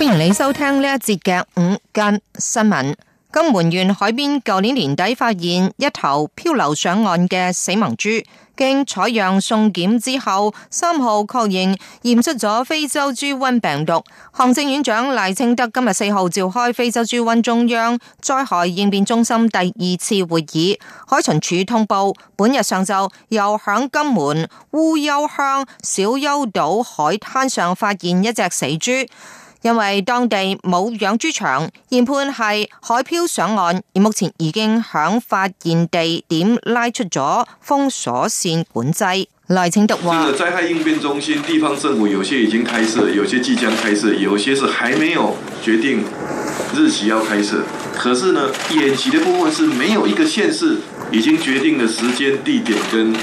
歡迎你收聽呢一節嘅午間新聞。金門縣海邊舊年年底發現一頭漂流上岸嘅死亡豬，經採樣送檢之後，三號確認驗出咗非洲豬瘟病毒。行政院長賴清德今日四號召開非洲豬瘟中央災害應變中心第二次會議。海巡署通報，本日上晝又響金門烏丘鄉小丘島海灘上發現一隻死豬。因為當地冇養豬場，研判係海漂上岸，而目前已經響發現地點拉出咗封鎖線管制。賴清德說這個災害應變中心，地方政府有些已經開設，有些即將開設，有些是還沒有決定日期要開始。可是呢，演習的部分是沒有一個縣市已經決定了時間、地點跟。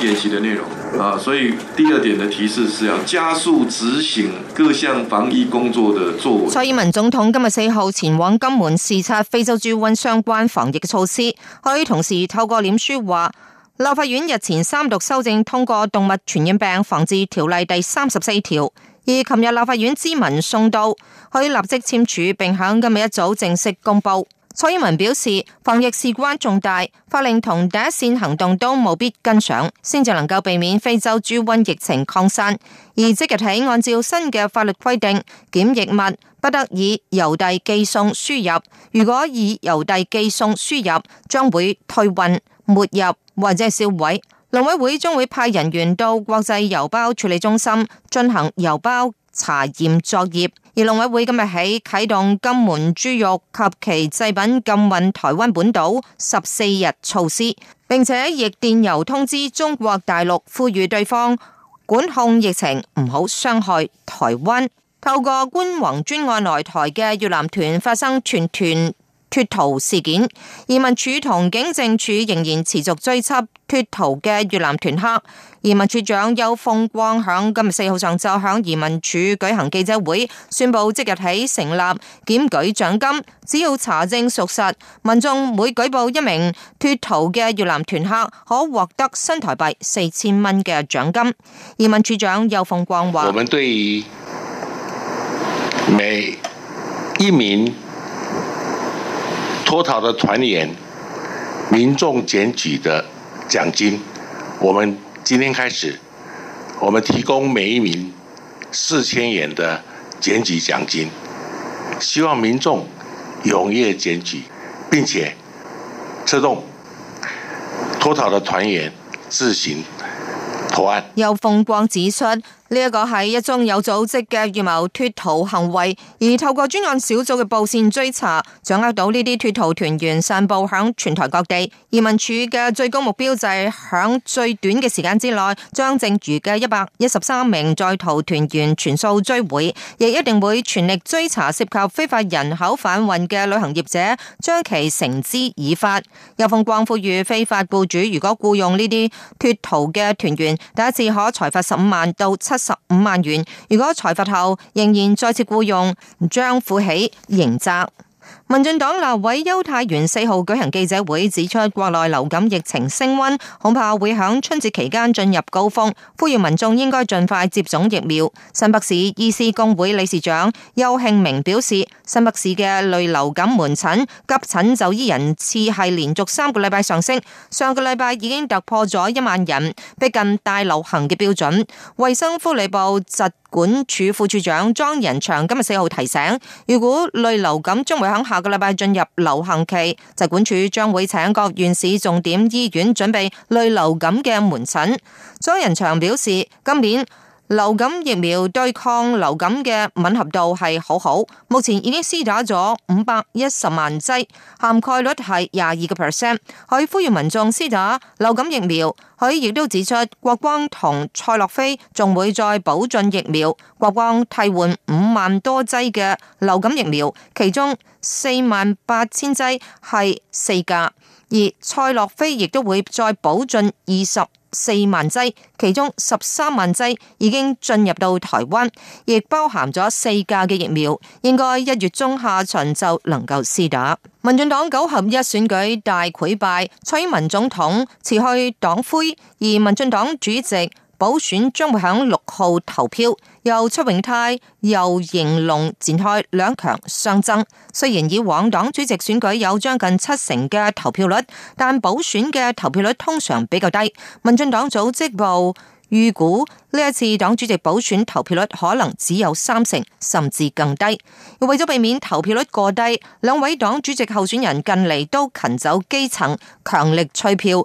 演習的內容啊，所以第二點的提示是要加速執行各項防疫工作的作為。蔡英文總統今日四號前往金門視察非洲豬瘟相關防疫措施，佢同時透過臉書話，立法院日前三讀修正通過動物傳染病防治條例第三十四條，而琴日立法院諮文送到，佢立即簽署並響今日一早正式公布。蔡英文表示，防疫事關重大，法令同第一線行動都務必跟上，先至能夠避免非洲豬瘟疫情擴散。而即日起，按照新嘅法律規定，檢疫物不得以郵遞寄送輸入。如果以郵遞寄送輸入，將會退運、沒入或者銷毀。農委會將會派人員到國際郵包處理中心進行郵包。查驗作業，而農委會今日起啟動金門豬肉及其製品禁運台灣本島十四日措施，並且亦電郵通知中國大陸，呼籲對方管控疫情，唔好傷害台灣。透過觀光專案來台嘅越南團發生脫團。脫逃事件，移民署同警政署仍然持續追緝脫逃嘅越南團客。移民署長邱鳳光響今日四號上晝響移民署舉行記者會，宣布即日起成立檢舉獎金，只要查證屬實，民眾每舉報一名脫逃嘅越南團客，可獲得新台幣四千蚊嘅獎金。移民署長邱鳳光話：我們對於每一名。脫逃的團員，民眾檢舉的獎金，我們今天開始，我們提供每一名四千元的檢舉獎金，希望民眾踊躍檢舉，並且策動脫逃的團員自行投案。要風光指出。呢一個係一宗有組織嘅預謀脱逃行為，而透過專案小組嘅布線追查，掌握到呢啲脱逃團員散布響全台各地。移民署嘅最高目標就係響最短嘅時間之內，將剩餘嘅一百一十三名在逃團員全數追回，亦一定會全力追查涉及非法人口販運嘅旅行業者，將其繩之以法。邱豐光呼籲非法雇主如果雇傭呢啲脱逃嘅團員，第一次可裁罰十五萬到七。十五萬元，如果裁罰後仍然再次雇傭，將負起刑責。民進黨立委邱泰源四號舉行記者會，指出國內流感疫情升溫，恐怕會喺春節期間進入高峰，呼籲民眾應該盡快接種疫苗。新北市醫師公會理事長邱慶明表示，新北市嘅類流感門診急診就醫人次係連續三個禮拜上升，上個禮拜已經突破咗一萬人，逼近大流行嘅標準。衛生福利部疾管署副署長莊仁祥今日四號提醒，如果類流感將會喺下個禮拜進入流行期，疾、就是、管署將會請各縣市重點醫院準備類流感嘅門診。莊仁祥表示，今年。流感疫苗對抗流感嘅吻合度係好好，目前已經施打咗五百一十萬劑，涵蓋率係廿二個 percent。佢呼籲民眾施打流感疫苗。佢亦都指出，國光同賽諾菲仲會再補進疫苗，國光替換五萬多劑嘅流感疫苗，其中四萬八千劑係四價。而賽諾菲亦都會再補進二十。四萬劑，其中十三萬劑已經進入到台灣，亦包含咗四價嘅疫苗，應該一月中下旬就能夠施打。民進黨九合一選舉大潰敗，蔡英文總統辭去黨魁，而民進黨主席。補選將會喺六號投票，由卓榮泰、游盈隆展開兩強相爭。雖然以往黨主席選舉有將近七成嘅投票率，但補選嘅投票率通常比較低。民進黨組織部預估呢一次黨主席補選投票率可能只有三成，甚至更低。為咗避免投票率過低，兩位黨主席候選人近嚟都勤走基層，強力催票。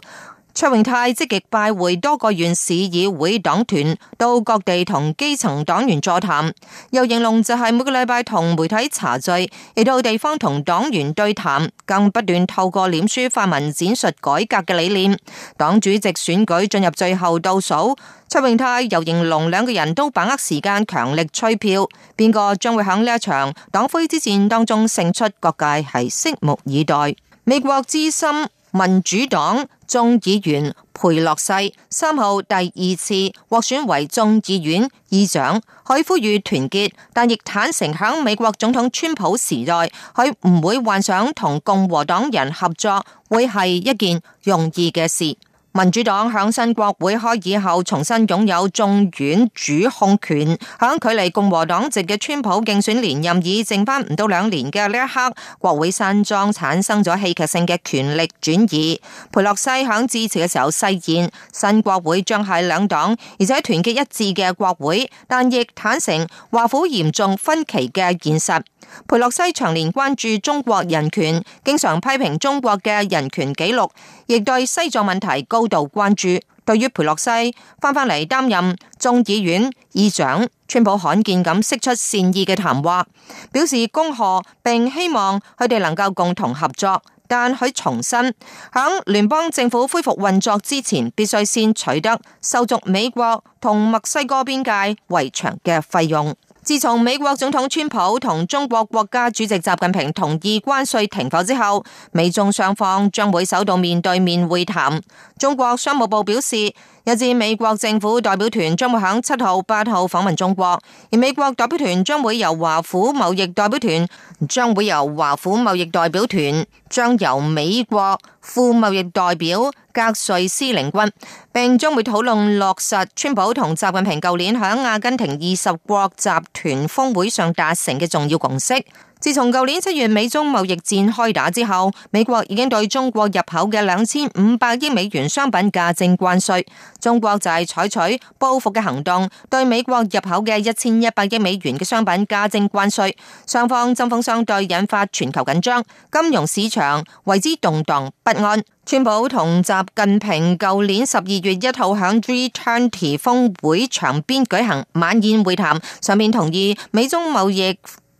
卓榮泰積極拜會多個縣市議會黨團，到各地同基層黨員座談。尤迎龍就係每個禮拜同媒體茶敘，亦到地方同黨員對談，更不斷透過臉書發文闡述改革嘅理念。黨主席選舉進入最後倒數，卓榮泰、尤迎龍兩個人都把握時間，強力催票，邊個將會喺呢一場黨魁之戰當中勝出？各界係拭目以待。美國資深民主黨，眾議員裴洛西三號第二次獲選為眾議院議長，佢呼籲團結，但亦坦誠喺美國總統川普時代，佢唔會幻想，同共和黨人合作會係一件容易嘅事。民主黨響新國會開以後，重新擁有眾院主控權。響距離共和黨籍嘅川普競選連任已剩翻唔到兩年嘅呢一刻，國會山莊產生咗戲劇性嘅權力轉移。裴洛西響致辭嘅時候誓言，新國會將係兩黨而且團結一致嘅國會，但亦坦承華府嚴重分歧嘅現實。裴洛西長年關注中國人權，經常批評中國嘅人權紀錄，亦對西藏問題高道關注，對於裴洛西翻返嚟擔任眾議院議長，川普罕見咁釋出善意嘅談話，表示恭賀，並希望佢哋能夠共同合作。但佢重申，響聯邦政府恢復運作之前，必須先取得修築美國同墨西哥邊界圍牆嘅費用。自從美國總統川普同中國國家主席習近平同意關稅停火之後，美中雙方將會首度面對面會談。中國商務部表示，一支美國政府代表團將會喺七號、八號訪問中國，而美國代表團將會由華府貿易代表團，將會由華府貿易代表團，將由美國副貿易代表。格瑞斯領軍，並將會討論落實川普同習近平舊年響阿根廷二十國集團峰會上達成嘅重要共識。自從舊年七月美中貿易戰開打，之後，美國已經對中國入口嘅兩千五百億美元商品加徵關稅。中國就係採取報復嘅行動，對美國入口嘅一千一百億美元嘅商品加徵關稅。雙方針鋒相對，引發全球緊張，金融市場為之動盪不安。川普同習近平舊年十二月一號響 G20 峰會場邊舉行晚宴會談，上面同意美中貿易。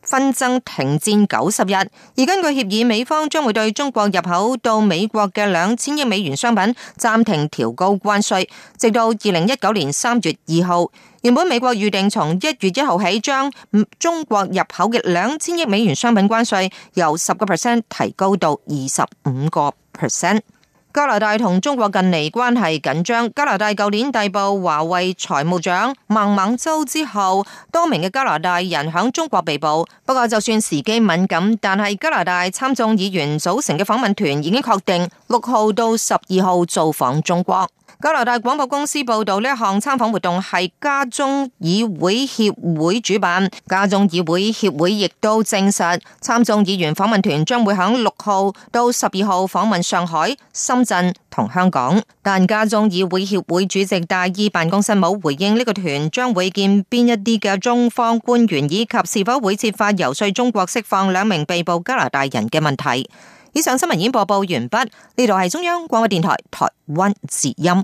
紛爭停戰九十日，而根據協議，美方將會對中國入口到美國嘅兩千億美元商品暫停調高關稅，直到二零一九年三月二號。原本美國預定從一月一號起將中國入口嘅兩千億美元商品關稅由十個 percent 提高到二十五個 percent。加拿大同中國近嚟關係緊張。加拿大舊年逮捕華為財務長孟晚舟之後，多名嘅加拿大人響中國被捕。不過就算時機敏感，但係加拿大參眾議員組成嘅訪問團已經確定六號到十二號造訪中國。加拿大廣播公司報道，呢一項參訪活動係加中議會協會主辦。加中議會協會亦都證實，參眾議員訪問團將會響六號到十二號訪問上海、深圳同香港。但加中議會協會主席戴爾辦公室冇回應呢個團將會見邊一啲嘅中方官員，以及是否會設法遊說中國釋放兩名被捕加拿大人嘅問題。以上新聞已經播報完畢，呢度係中央廣播電台台灣之音。